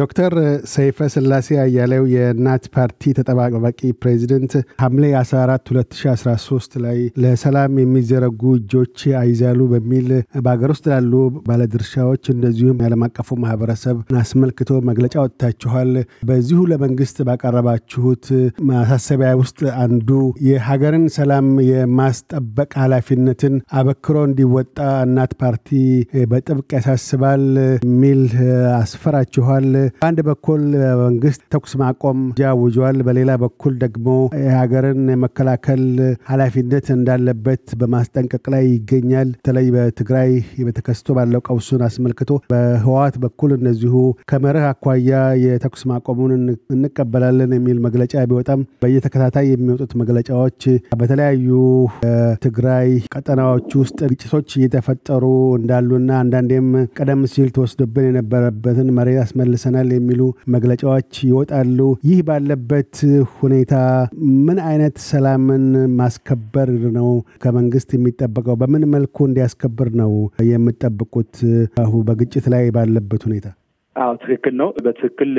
ዶክተር ሰይፈ ስላሴ አያሌው የእናት ፓርቲ ተጠባባቂ ፕሬዚደንት ሐምሌ 14 2013 ላይ ለሰላም የሚዘረጉ እጆች አይዛሉ በሚል በሀገር ውስጥ ላሉ ባለድርሻዎች እንደዚሁም የዓለም አቀፉ ማህበረሰብ አስመልክቶ መግለጫ ወጥታችኋል። በዚሁ ለመንግስት ባቀረባችሁት ማሳሰቢያ ውስጥ አንዱ የሀገርን ሰላም የማስጠበቅ ኃላፊነትን አበክሮ እንዲወጣ እናት ፓርቲ በጥብቅ ያሳስባል የሚል አስፈራችኋል። በአንድ በኩል መንግስት ተኩስ ማቆም አውጇል። በሌላ በኩል ደግሞ የሀገርን የመከላከል ኃላፊነት እንዳለበት በማስጠንቀቅ ላይ ይገኛል። በተለይ በትግራይ በተከስቶ ባለው ቀውሱን አስመልክቶ በህወሓት በኩል እንደዚሁ ከመርህ አኳያ የተኩስ ማቆሙን እንቀበላለን የሚል መግለጫ ቢወጣም በየተከታታይ የሚወጡት መግለጫዎች በተለያዩ ትግራይ ቀጠናዎች ውስጥ ግጭቶች እየተፈጠሩ እንዳሉና አንዳንዴም ቀደም ሲል ተወስዶብን የነበረበትን መሬት አስመልሰን ተመልሰናል የሚሉ መግለጫዎች ይወጣሉ። ይህ ባለበት ሁኔታ ምን አይነት ሰላምን ማስከበር ነው ከመንግስት የሚጠበቀው? በምን መልኩ እንዲያስከብር ነው የምጠብቁት? አሁ በግጭት ላይ ባለበት ሁኔታ አዎ ትክክል ነው። በትክክል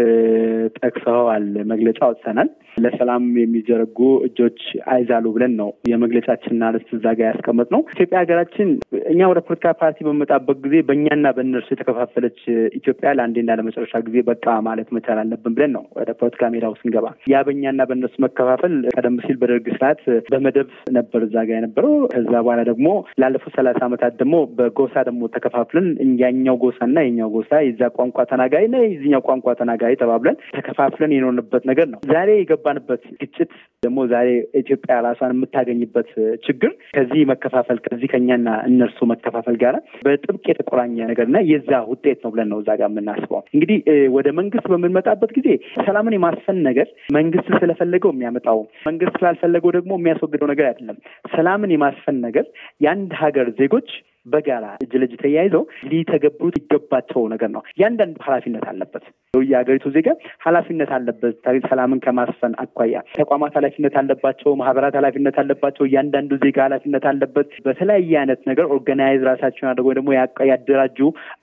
ጠቅሰዋል። መግለጫ ወጥተናል። ለሰላም የሚዘረጉ እጆች አይዛሉ ብለን ነው የመግለጫችንና ርዕስ እዛ ጋ ያስቀመጥ ነው። ኢትዮጵያ ሀገራችን እኛ ወደ ፖለቲካ ፓርቲ በመጣበት ጊዜ በእኛና በእነርሱ የተከፋፈለች ኢትዮጵያ ለአንዴና ለመጨረሻ ጊዜ በቃ ማለት መቻል አለብን ብለን ነው ወደ ፖለቲካ ሜዳው ስንገባ። ያ በእኛና በእነርሱ መከፋፈል ቀደም ሲል በደርግ ስርዓት በመደብ ነበር እዛ የነበረው። ከዛ በኋላ ደግሞ ላለፉት ሰላሳ ዓመታት ደግሞ በጎሳ ደግሞ ተከፋፍለን ያኛው ጎሳና የኛው ጎሳ የዛ ቋንቋ ተና ተናጋይ ነ የዚህኛው ቋንቋ ተናጋይ ተባብለን ተከፋፍለን የኖርንበት ነገር ነው። ዛሬ የገባንበት ግጭት ደግሞ ዛሬ ኢትዮጵያ ራሷን የምታገኝበት ችግር ከዚህ መከፋፈል ከዚህ ከኛና እነርሱ መከፋፈል ጋር በጥብቅ የተቆራኘ ነገርና የዛ ውጤት ነው ብለን ነው እዛ ጋር የምናስበው። እንግዲህ ወደ መንግስት በምንመጣበት ጊዜ ሰላምን የማስፈን ነገር መንግስት ስለፈለገው የሚያመጣው መንግስት ስላልፈለገው ደግሞ የሚያስወግደው ነገር አይደለም። ሰላምን የማስፈን ነገር የአንድ ሀገር ዜጎች በጋራ እጅ ለእጅ ተያይዘው ሊተገብሩት ይገባቸው ነገር ነው። እያንዳንዱ ኃላፊነት አለበት። የሀገሪቱ ዜጋ ኃላፊነት አለበት። ሰላምን ከማስፈን አኳያ ተቋማት ኃላፊነት አለባቸው። ማህበራት ኃላፊነት አለባቸው። እያንዳንዱ ዜጋ ኃላፊነት አለበት። በተለያየ አይነት ነገር ኦርጋናይዝ ራሳቸውን አድርጎ ደግሞ ያደራጁ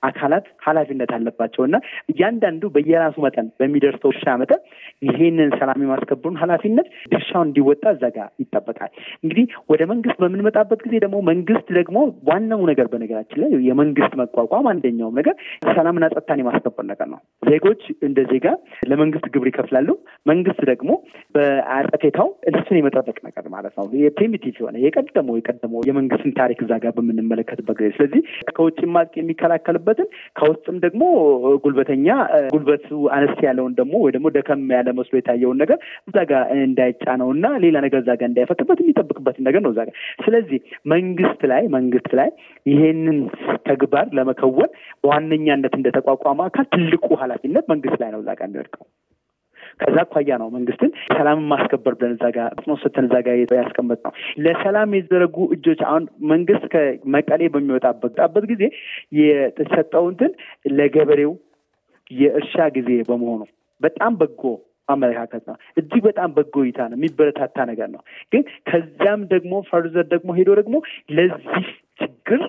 አካላት ኃላፊነት አለባቸው እና እያንዳንዱ በየራሱ መጠን በሚደርሰው ድርሻ መጠን ይሄንን ሰላም የማስከበሩን ኃላፊነት ድርሻውን እንዲወጣ እዛ ጋር ይጠበቃል። እንግዲህ ወደ መንግስት በምንመጣበት ጊዜ ደግሞ መንግስት ደግሞ ዋናው ነገር በነገራችን ላይ የመንግስት መቋቋም አንደኛውም ነገር ሰላምና ጸጥታን የማስከበር ነገር ነው። ዜጎች እንደ ዜጋ ለመንግስት ግብር ይከፍላሉ። መንግስት ደግሞ በአጸፌታው እነሱን የመጠበቅ ነገር ማለት ነው። የፕሪሚቲቭ የሆነ የቀደመው የቀደመው የመንግስትን ታሪክ እዛ ጋር በምንመለከትበት ጊዜ ስለዚህ ከውጭ ማቅ የሚከላከልበትን ከውስጥም ደግሞ ጉልበተኛ ጉልበቱ አነስ ያለውን ደግሞ ወይ ደግሞ ደከም ያለ መስሎ የታየውን ነገር እዛ ጋር እንዳይጫነው እና ሌላ ነገር እዛ ጋር እንዳይፈትበት የሚጠብቅበት ነገር ነው እዛ ጋር ስለዚህ መንግስት ላይ መንግስት ላይ ይሄንን ተግባር ለመከወን በዋነኛነት እንደ ተቋቋመ አካል ትልቁ ኃላፊነት መንግስት ላይ ነው እዛ ጋር የሚወድቀው። ከዛ አኳያ ነው መንግስትን ሰላምን ማስከበር ብለን እዛ ጋር ጽኖ ስተን እዛ ጋ ያስቀመጥ ነው። ለሰላም የዘረጉ እጆች አሁን መንግስት ከመቀሌ በሚወጣበት ጊዜ የተሰጠውንትን ለገበሬው የእርሻ ጊዜ በመሆኑ በጣም በጎ አመለካከት ነው። እጅግ በጣም በጎ እይታ ነው፣ የሚበረታታ ነገር ነው። ግን ከዚያም ደግሞ ፈርዘር ደግሞ ሄዶ ደግሞ ለዚህ ችግር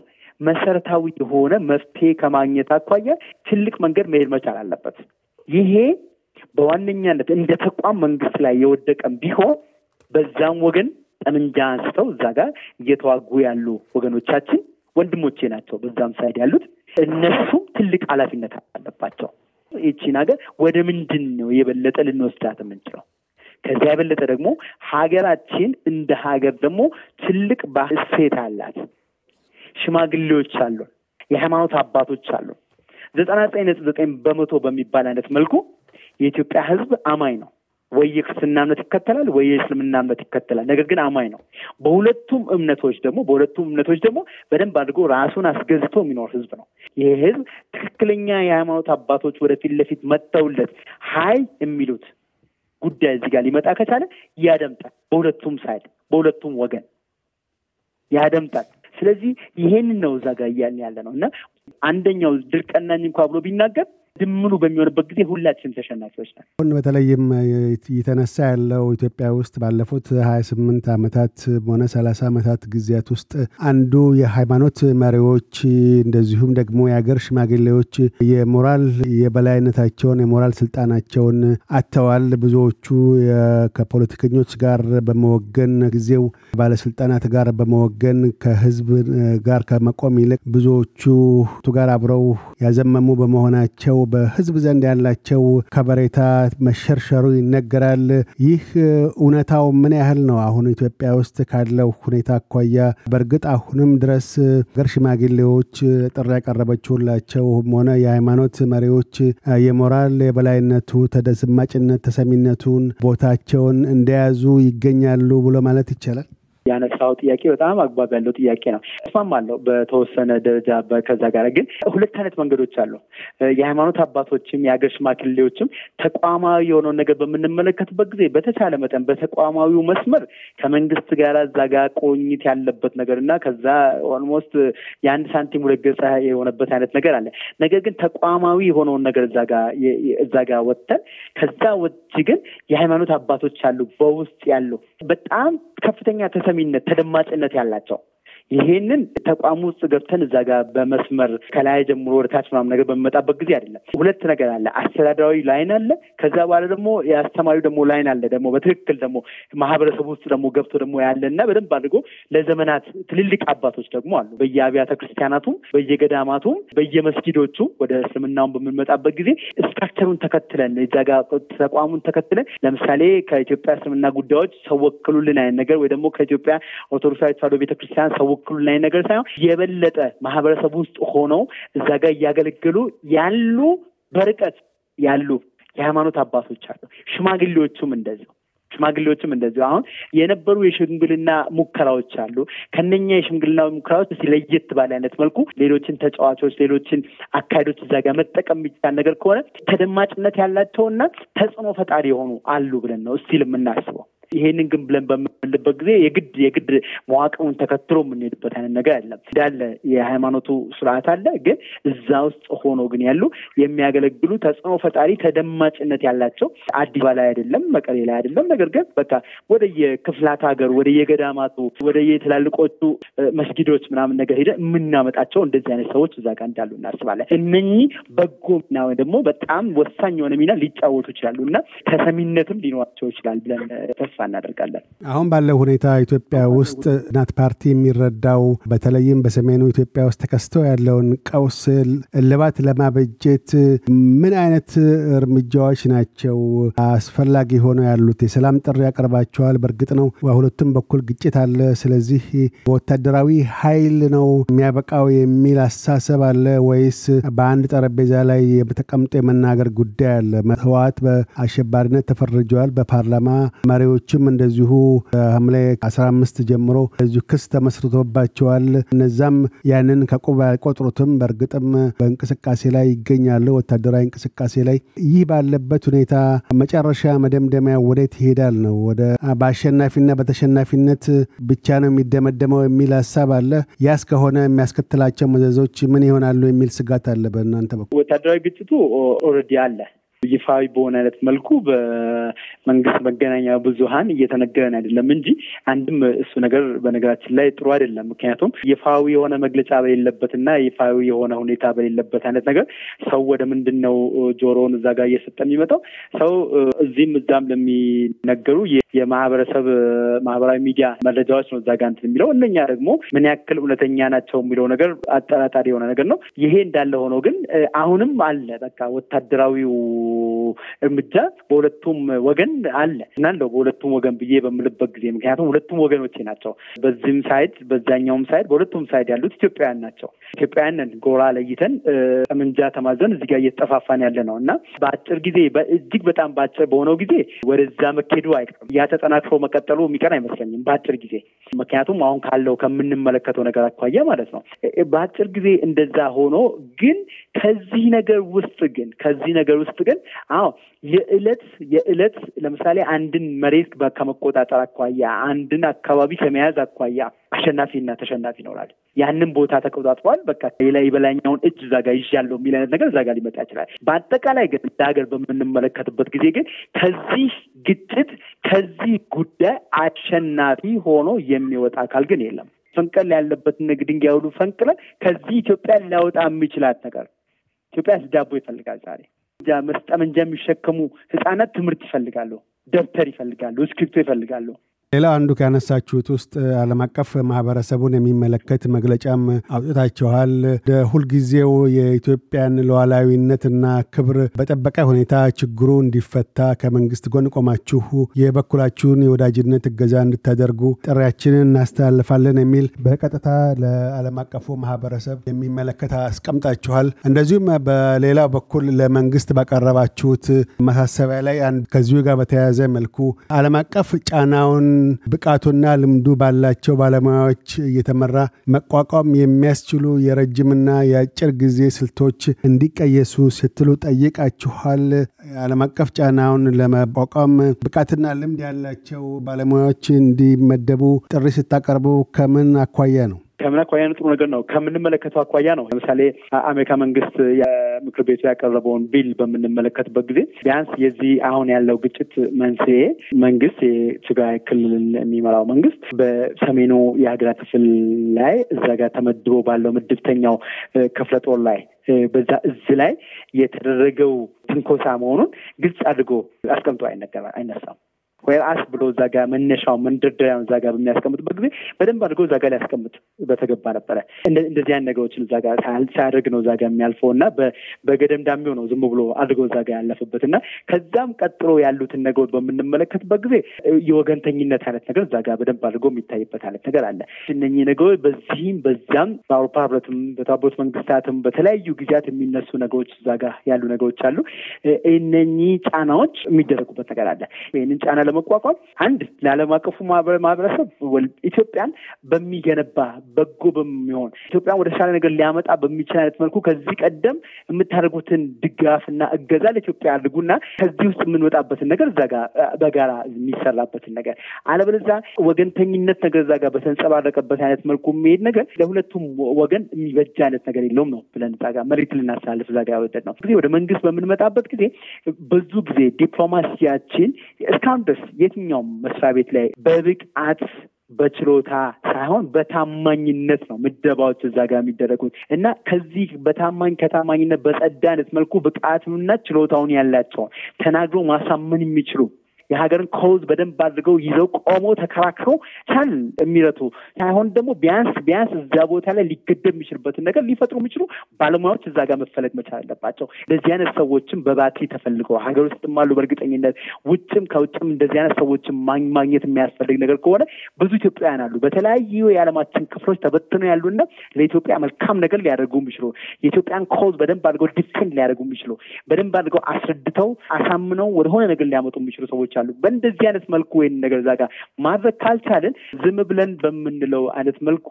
መሰረታዊ የሆነ መፍትሄ ከማግኘት አኳያ ትልቅ መንገድ መሄድ መቻል አለበት። ይሄ በዋነኛነት እንደ ተቋም መንግስት ላይ የወደቀም ቢሆን በዛም ወገን ጠመንጃ አንስተው እዛ ጋር እየተዋጉ ያሉ ወገኖቻችን ወንድሞቼ ናቸው። በዛም ሳይድ ያሉት እነሱም ትልቅ ኃላፊነት አለባቸው። ይቺን ሀገር ወደ ምንድን ነው የበለጠ ልንወስዳት የምንችለው? ከዚያ የበለጠ ደግሞ ሀገራችን እንደ ሀገር ደግሞ ትልቅ ባህል እሴት አላት። ሽማግሌዎች አሉ የሃይማኖት አባቶች አሉ። ዘጠና ዘጠኝ ነጥብ ዘጠኝ በመቶ በሚባል አይነት መልኩ የኢትዮጵያ ህዝብ አማኝ ነው። ወይ የክርስትና እምነት ይከተላል ወይ የእስልምና እምነት ይከተላል። ነገር ግን አማኝ ነው። በሁለቱም እምነቶች ደግሞ በሁለቱም እምነቶች ደግሞ በደንብ አድርጎ ራሱን አስገዝቶ የሚኖር ህዝብ ነው። ይሄ ህዝብ ትክክለኛ የሃይማኖት አባቶች ወደፊት ለፊት መጥተውለት ሀይ የሚሉት ጉዳይ እዚህ ጋር ሊመጣ ከቻለ ያደምጣል። በሁለቱም ሳይድ፣ በሁለቱም ወገን ያደምጣል። ስለዚህ ይሄንን ነው እዛ ጋር እያልን ያለ ነው እና አንደኛው ድርቅ ጠናኝ እንኳ ብሎ ቢናገር ድምኑ በሚሆንበት ጊዜ ሁላችንም ተሸናፊዎች ናል። አሁን በተለይም እየተነሳ ያለው ኢትዮጵያ ውስጥ ባለፉት ሀያ ስምንት ዓመታት ሆነ ሰላሳ ዓመታት ጊዜያት ውስጥ አንዱ የሃይማኖት መሪዎች እንደዚሁም ደግሞ የሀገር ሽማግሌዎች የሞራል የበላይነታቸውን የሞራል ስልጣናቸውን አጥተዋል። ብዙዎቹ ከፖለቲከኞች ጋር በመወገን ጊዜው ባለስልጣናት ጋር በመወገን ከህዝብ ጋር ከመቆም ይልቅ ብዙዎቹ ጋር አብረው ያዘመሙ በመሆናቸው በህዝብ ዘንድ ያላቸው ከበሬታ መሸርሸሩ ይነገራል። ይህ እውነታው ምን ያህል ነው? አሁን ኢትዮጵያ ውስጥ ካለው ሁኔታ አኳያ በእርግጥ አሁንም ድረስ ገር ሽማግሌዎች ጥሪ ያቀረበችውላቸውም ሆነ የሃይማኖት መሪዎች የሞራል የበላይነቱ ተደስማጭነት ተሰሚነቱን ቦታቸውን እንደያዙ ይገኛሉ ብሎ ማለት ይቻላል። ያነሳው ጥያቄ በጣም አግባብ ያለው ጥያቄ ነው። እስማማለሁ በተወሰነ ደረጃ ከዛ ጋር ግን ሁለት አይነት መንገዶች አሉ። የሃይማኖት አባቶችም የሀገር ሽማክሌዎችም ተቋማዊ የሆነውን ነገር በምንመለከትበት ጊዜ በተቻለ መጠን በተቋማዊው መስመር ከመንግስት ጋር እዛ ጋር ቆኝት ያለበት ነገር እና ከዛ ኦልሞስት የአንድ ሳንቲም ሁለት ገጽ የሆነበት አይነት ነገር አለ። ነገር ግን ተቋማዊ የሆነውን ነገር እዛ ጋር ወጥተን ከዛ ውጭ ግን የሃይማኖት አባቶች አሉ በውስጥ ያሉ በጣም ከፍተኛ ተሰ ተሰሚነት፣ ተደማጭነት ያላቸው ይሄንን ተቋሙ ውስጥ ገብተን እዛ ጋር በመስመር ከላይ ጀምሮ ወደ ታች ምናምን ነገር በሚመጣበት ጊዜ አይደለም። ሁለት ነገር አለ። አስተዳደራዊ ላይን አለ። ከዛ በኋላ ደግሞ የአስተማሪው ደግሞ ላይን አለ። ደግሞ በትክክል ደግሞ ማህበረሰቡ ውስጥ ደግሞ ገብቶ ደግሞ ያለ እና በደንብ አድርጎ ለዘመናት ትልልቅ አባቶች ደግሞ አሉ። በየአብያተ ክርስቲያናቱም፣ በየገዳማቱም፣ በየመስጊዶቹም ወደ እስልምናውን በምንመጣበት ጊዜ ስትራክቸሩን ተከትለን እዛ ጋር ተቋሙን ተከትለን ለምሳሌ ከኢትዮጵያ እስልምና ጉዳዮች ሰው ወክሉልን አይነት ነገር ወይ ደግሞ ከኢትዮጵያ ኦርቶዶክሳዊ ተዋሕዶ ቤተክርስቲያን ሰው ላይ ነገር ሳይሆን የበለጠ ማህበረሰብ ውስጥ ሆነው እዛ ጋር እያገለገሉ ያሉ በርቀት ያሉ የሃይማኖት አባቶች አሉ። ሽማግሌዎቹም እንደዚሁ ሽማግሌዎችም እንደዚሁ አሁን የነበሩ የሽምግልና ሙከራዎች አሉ። ከነኛ የሽምግልና ሙከራዎች ለየት ባለ አይነት መልኩ ሌሎችን ተጫዋቾች፣ ሌሎችን አካሄዶች እዛ ጋር መጠቀም የሚቻል ነገር ከሆነ ተደማጭነት ያላቸውና ተጽዕኖ ፈጣሪ የሆኑ አሉ ብለን ነው እስቲል የምናስበው። ይሄንን ግን ብለን በምንልበት ጊዜ የግድ የግድ መዋቅሩን ተከትሎ የምንሄድበት አይነት ነገር አለም እንዳለ የሃይማኖቱ ስርዓት አለ፣ ግን እዛ ውስጥ ሆኖ ግን ያሉ የሚያገለግሉ ተጽዕኖ ፈጣሪ ተደማጭነት ያላቸው አዲስ አበባ ላይ አይደለም፣ መቀሌ ላይ አይደለም። ነገር ግን በቃ ወደ የክፍላት ሀገር ወደ የገዳማቱ ወደ የትላልቆቹ መስጊዶች ምናምን ነገር ሄደ የምናመጣቸው እንደዚህ አይነት ሰዎች እዛ ጋር እንዳሉ እናስባለን። እነኚህ በጎ ወይ ደግሞ በጣም ወሳኝ የሆነ ሚና ሊጫወቱ ይችላሉ እና ተሰሚነትም ሊኖራቸው ይችላል ብለን ተስፋ እናደርጋለን። አሁን ባለው ሁኔታ ኢትዮጵያ ውስጥ እናት ፓርቲ የሚረዳው በተለይም በሰሜኑ ኢትዮጵያ ውስጥ ተከስቶ ያለውን ቀውስ እልባት ለማበጀት ምን አይነት እርምጃዎች ናቸው አስፈላጊ ሆነው ያሉት? የሰላም ጥሪ ያቀርባቸዋል። በእርግጥ ነው በሁለቱም በኩል ግጭት አለ። ስለዚህ በወታደራዊ ኃይል ነው የሚያበቃው የሚል አሳሰብ አለ ወይስ በአንድ ጠረጴዛ ላይ ተቀምጦ የመናገር ጉዳይ አለ? ህወሓት በአሸባሪነት ተፈርጀዋል። በፓርላማ መሪዎች ሌሎችም እንደዚሁ ሐምሌ 15 ጀምሮ እዚሁ ክስ ተመስርቶባቸዋል። እነዛም ያንን ከቁብ አይቆጥሩትም። በእርግጥም በእንቅስቃሴ ላይ ይገኛሉ፣ ወታደራዊ እንቅስቃሴ ላይ። ይህ ባለበት ሁኔታ መጨረሻ መደምደሚያ ወዴት ይሄዳል ነው? ወደ በአሸናፊና በተሸናፊነት ብቻ ነው የሚደመደመው የሚል ሀሳብ አለ። ያስ ከሆነ የሚያስከትላቸው መዘዞች ምን ይሆናሉ የሚል ስጋት አለ። በእናንተ በኩል ወታደራዊ ግጭቱ ኦልሬዲ አለ ይፋዊ በሆነ አይነት መልኩ በመንግስት መገናኛ ብዙሀን እየተነገረን አይደለም እንጂ አንድም እሱ ነገር በነገራችን ላይ ጥሩ አይደለም። ምክንያቱም ይፋዊ የሆነ መግለጫ በሌለበትና ይፋዊ የሆነ ሁኔታ በሌለበት አይነት ነገር ሰው ወደ ምንድን ነው ጆሮውን እዛ ጋር እየሰጠ የሚመጣው ሰው እዚህም እዛም ለሚነገሩ የማህበረሰብ ማህበራዊ ሚዲያ መረጃዎች ነው እዛ ጋ እንትን የሚለው እነኛ ደግሞ ምን ያክል እውነተኛ ናቸው የሚለው ነገር አጠራጣሪ የሆነ ነገር ነው። ይሄ እንዳለ ሆኖ ግን አሁንም አለ በቃ ወታደራዊው እርምጃ በሁለቱም ወገን አለ እና እንደው በሁለቱም ወገን ብዬ በምልበት ጊዜ ምክንያቱም ሁለቱም ወገኖቼ ናቸው። በዚህም ሳይድ በዛኛውም ሳይድ በሁለቱም ሳይድ ያሉት ኢትዮጵያውያን ናቸው። ኢትዮጵያውያንን ጎራ ለይተን ጠመንጃ ተማዘን እዚህ ጋር እየተጠፋፋን ያለ ነው እና በአጭር ጊዜ እጅግ በጣም በአጭር በሆነው ጊዜ ወደዛ መኬዱ አይቀርም። ያ ተጠናክሮ መቀጠሉ የሚቀር አይመስለኝም በአጭር ጊዜ። ምክንያቱም አሁን ካለው ከምንመለከተው ነገር አኳያ ማለት ነው። በአጭር ጊዜ እንደዛ ሆኖ ግን ከዚህ ነገር ውስጥ ግን ከዚህ ነገር ውስጥ ግን አዎ የእለት የእለት ለምሳሌ አንድን መሬት ከመቆጣጠር አኳያ አንድን አካባቢ ከመያዝ አኳያ አሸናፊና ተሸናፊ ይኖራል። ያንን ቦታ ተቆጣጥሯል። በቃ ሌላ የበላኛውን እጅ እዛ ጋር ይዣለሁ የሚል አይነት ነገር እዛ ጋር ሊመጣ ይችላል። በአጠቃላይ ግን እንደ ሀገር በምንመለከትበት ጊዜ ግን ከዚህ ግጭት ከዚህ ጉዳይ አሸናፊ ሆኖ የሚወጣ አካል ግን የለም። ፈንቀል ያለበትን ድንጋይ ሁሉ ፈንቅለ ከዚህ ኢትዮጵያ ሊያወጣ የሚችላት ነገር ኢትዮጵያ ዳቦ ይፈልጋል። ዛሬ መስጠመንጃ የሚሸከሙ ህጻናት ትምህርት ይፈልጋሉ፣ ደብተር ይፈልጋሉ፣ እስክሪብቶ ይፈልጋሉ። ሌላው አንዱ ካነሳችሁት ውስጥ ዓለም አቀፍ ማህበረሰቡን የሚመለከት መግለጫም አውጥታችኋል። እንደ ሁልጊዜው የኢትዮጵያን ሉዓላዊነትና ክብር በጠበቀ ሁኔታ ችግሩ እንዲፈታ ከመንግስት ጎን ቆማችሁ የበኩላችሁን የወዳጅነት እገዛ እንድታደርጉ ጥሪያችንን እናስተላልፋለን የሚል በቀጥታ ለዓለም አቀፉ ማህበረሰብ የሚመለከት አስቀምጣችኋል። እንደዚሁም በሌላው በኩል ለመንግስት ባቀረባችሁት ማሳሰቢያ ላይ ከዚሁ ጋር በተያያዘ መልኩ ዓለም አቀፍ ጫናውን ብቃቱና ልምዱ ባላቸው ባለሙያዎች እየተመራ መቋቋም የሚያስችሉ የረጅምና የአጭር ጊዜ ስልቶች እንዲቀየሱ ስትሉ ጠይቃችኋል። ዓለም አቀፍ ጫናውን ለመቋቋም ብቃትና ልምድ ያላቸው ባለሙያዎች እንዲመደቡ ጥሪ ስታቀርቡ ከምን አኳያ ነው? ከምን አኳያ ጥሩ ነገር ነው? ከምንመለከተው አኳያ ነው። ለምሳሌ አሜሪካ መንግስት የምክር ቤቱ ያቀረበውን ቢል በምንመለከትበት ጊዜ ቢያንስ የዚህ አሁን ያለው ግጭት መንስኤ መንግስት የትግራይ ክልልን የሚመራው መንግስት በሰሜኑ የሀገራት ክፍል ላይ እዛ ጋር ተመድቦ ባለው ምድብተኛው ክፍለ ጦር ላይ በዛ እዝ ላይ የተደረገው ትንኮሳ መሆኑን ግልጽ አድርጎ አስቀምጦ አይነሳም። አስ ብሎ እዛ ጋ መነሻው መንደርደሪያውን እዛ ጋ በሚያስቀምጥበት ጊዜ በደንብ አድርጎ እዛ ጋ ሊያስቀምጥ በተገባ ነበረ። እንደዚህ አይነት ነገሮችን እዛ ጋ ሳያደርግ ነው እዛ ጋ የሚያልፈው እና በገደምዳሚው ነው ዝም ብሎ አድርጎ እዛ ጋ ያለፈበት እና ከዛም ቀጥሎ ያሉትን ነገሮች በምንመለከትበት ጊዜ የወገንተኝነት አይነት ነገር እዛ ጋ በደንብ አድርጎ የሚታይበት አይነት ነገር አለ። እነኚህ ነገሮች በዚህም በዚያም በአውሮፓ ህብረትም በተባበሩት መንግስታትም በተለያዩ ጊዜያት የሚነሱ ነገሮች እዛ ጋ ያሉ ነገሮች አሉ። እነኚህ ጫናዎች የሚደረጉበት ነገር አለ። ይህንን ጫና ለመቋቋም አንድ ለዓለም አቀፉ ማህበረሰብ ኢትዮጵያን በሚገነባ በጎ በሚሆን ኢትዮጵያን ወደ ተሻለ ነገር ሊያመጣ በሚችል አይነት መልኩ ከዚህ ቀደም የምታደርጉትን ድጋፍና እገዛ ለኢትዮጵያ አድርጉና ከዚህ ውስጥ የምንወጣበትን ነገር እዛ ጋር በጋራ የሚሰራበትን ነገር አለበለዚያ ወገንተኝነት ነገር እዛ ጋር በተንጸባረቀበት አይነት መልኩ የሚሄድ ነገር ለሁለቱም ወገን የሚበጃ አይነት ነገር የለውም ነው ብለን እዛ ጋር መሬት ልናሳልፍ እዛ ጋር ያወደድ ነው ጊዜ ወደ መንግስት በምንመጣበት ጊዜ ብዙ ጊዜ ዲፕሎማሲያችን እስካሁን ድረስ የትኛውም መስሪያ ቤት ላይ በብቃት በችሎታ ሳይሆን በታማኝነት ነው ምደባዎች እዛ ጋር የሚደረጉት እና ከዚህ በታማኝ ከታማኝነት በጸዳነት መልኩ ብቃቱንና ችሎታውን ያላቸውን ተናግሮ ማሳመን የሚችሉ የሀገርን ኮዝ በደንብ አድርገው ይዘው ቆመው ተከራክረው ቻል የሚረቱ ሳይሆን ደግሞ ቢያንስ ቢያንስ እዛ ቦታ ላይ ሊገደብ የሚችልበትን ነገር ሊፈጥሩ የሚችሉ ባለሙያዎች እዛ ጋር መፈለግ መቻል አለባቸው። እንደዚህ አይነት ሰዎችም በባቲ ተፈልገው ሀገር ውስጥም አሉ በእርግጠኝነት ውጭም ከውጭም እንደዚህ አይነት ሰዎችን ማግኘት የሚያስፈልግ ነገር ከሆነ ብዙ ኢትዮጵያውያን አሉ በተለያዩ የዓለማችን ክፍሎች ተበትነው ያሉና ለኢትዮጵያ መልካም ነገር ሊያደርጉ የሚችሉ የኢትዮጵያን ኮዝ በደንብ አድርገው ዲፌንድ ሊያደርጉ የሚችሉ በደንብ አድርገው አስረድተው አሳምነው ወደሆነ ነገር ሊያመጡ የሚችሉ ሰዎች አሉ። በእንደዚህ አይነት መልኩ ወይን ነገር እዛ ጋር ማድረግ ካልቻልን ዝም ብለን በምንለው አይነት መልኩ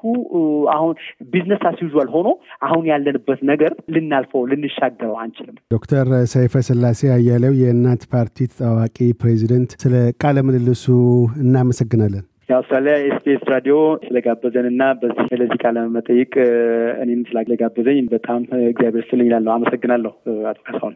አሁን ቢዝነስ አስዩዟል ሆኖ አሁን ያለንበት ነገር ልናልፈው ልንሻገረው አንችልም። ዶክተር ሰይፈ ስላሴ አያሌው የእናት ፓርቲ ተጠዋቂ ፕሬዚደንት፣ ስለ ቃለ ምልልሱ እናመሰግናለን። የአውስትራሊያ ኤስፔስ ራዲዮ ስለጋበዘን እና በዚህ ለዚህ ቃለ መጠይቅ እኔም ስላለጋበዘኝ በጣም እግዚአብሔር ስልኝ እላለሁ። አመሰግናለሁ አቶ ካሳሁን።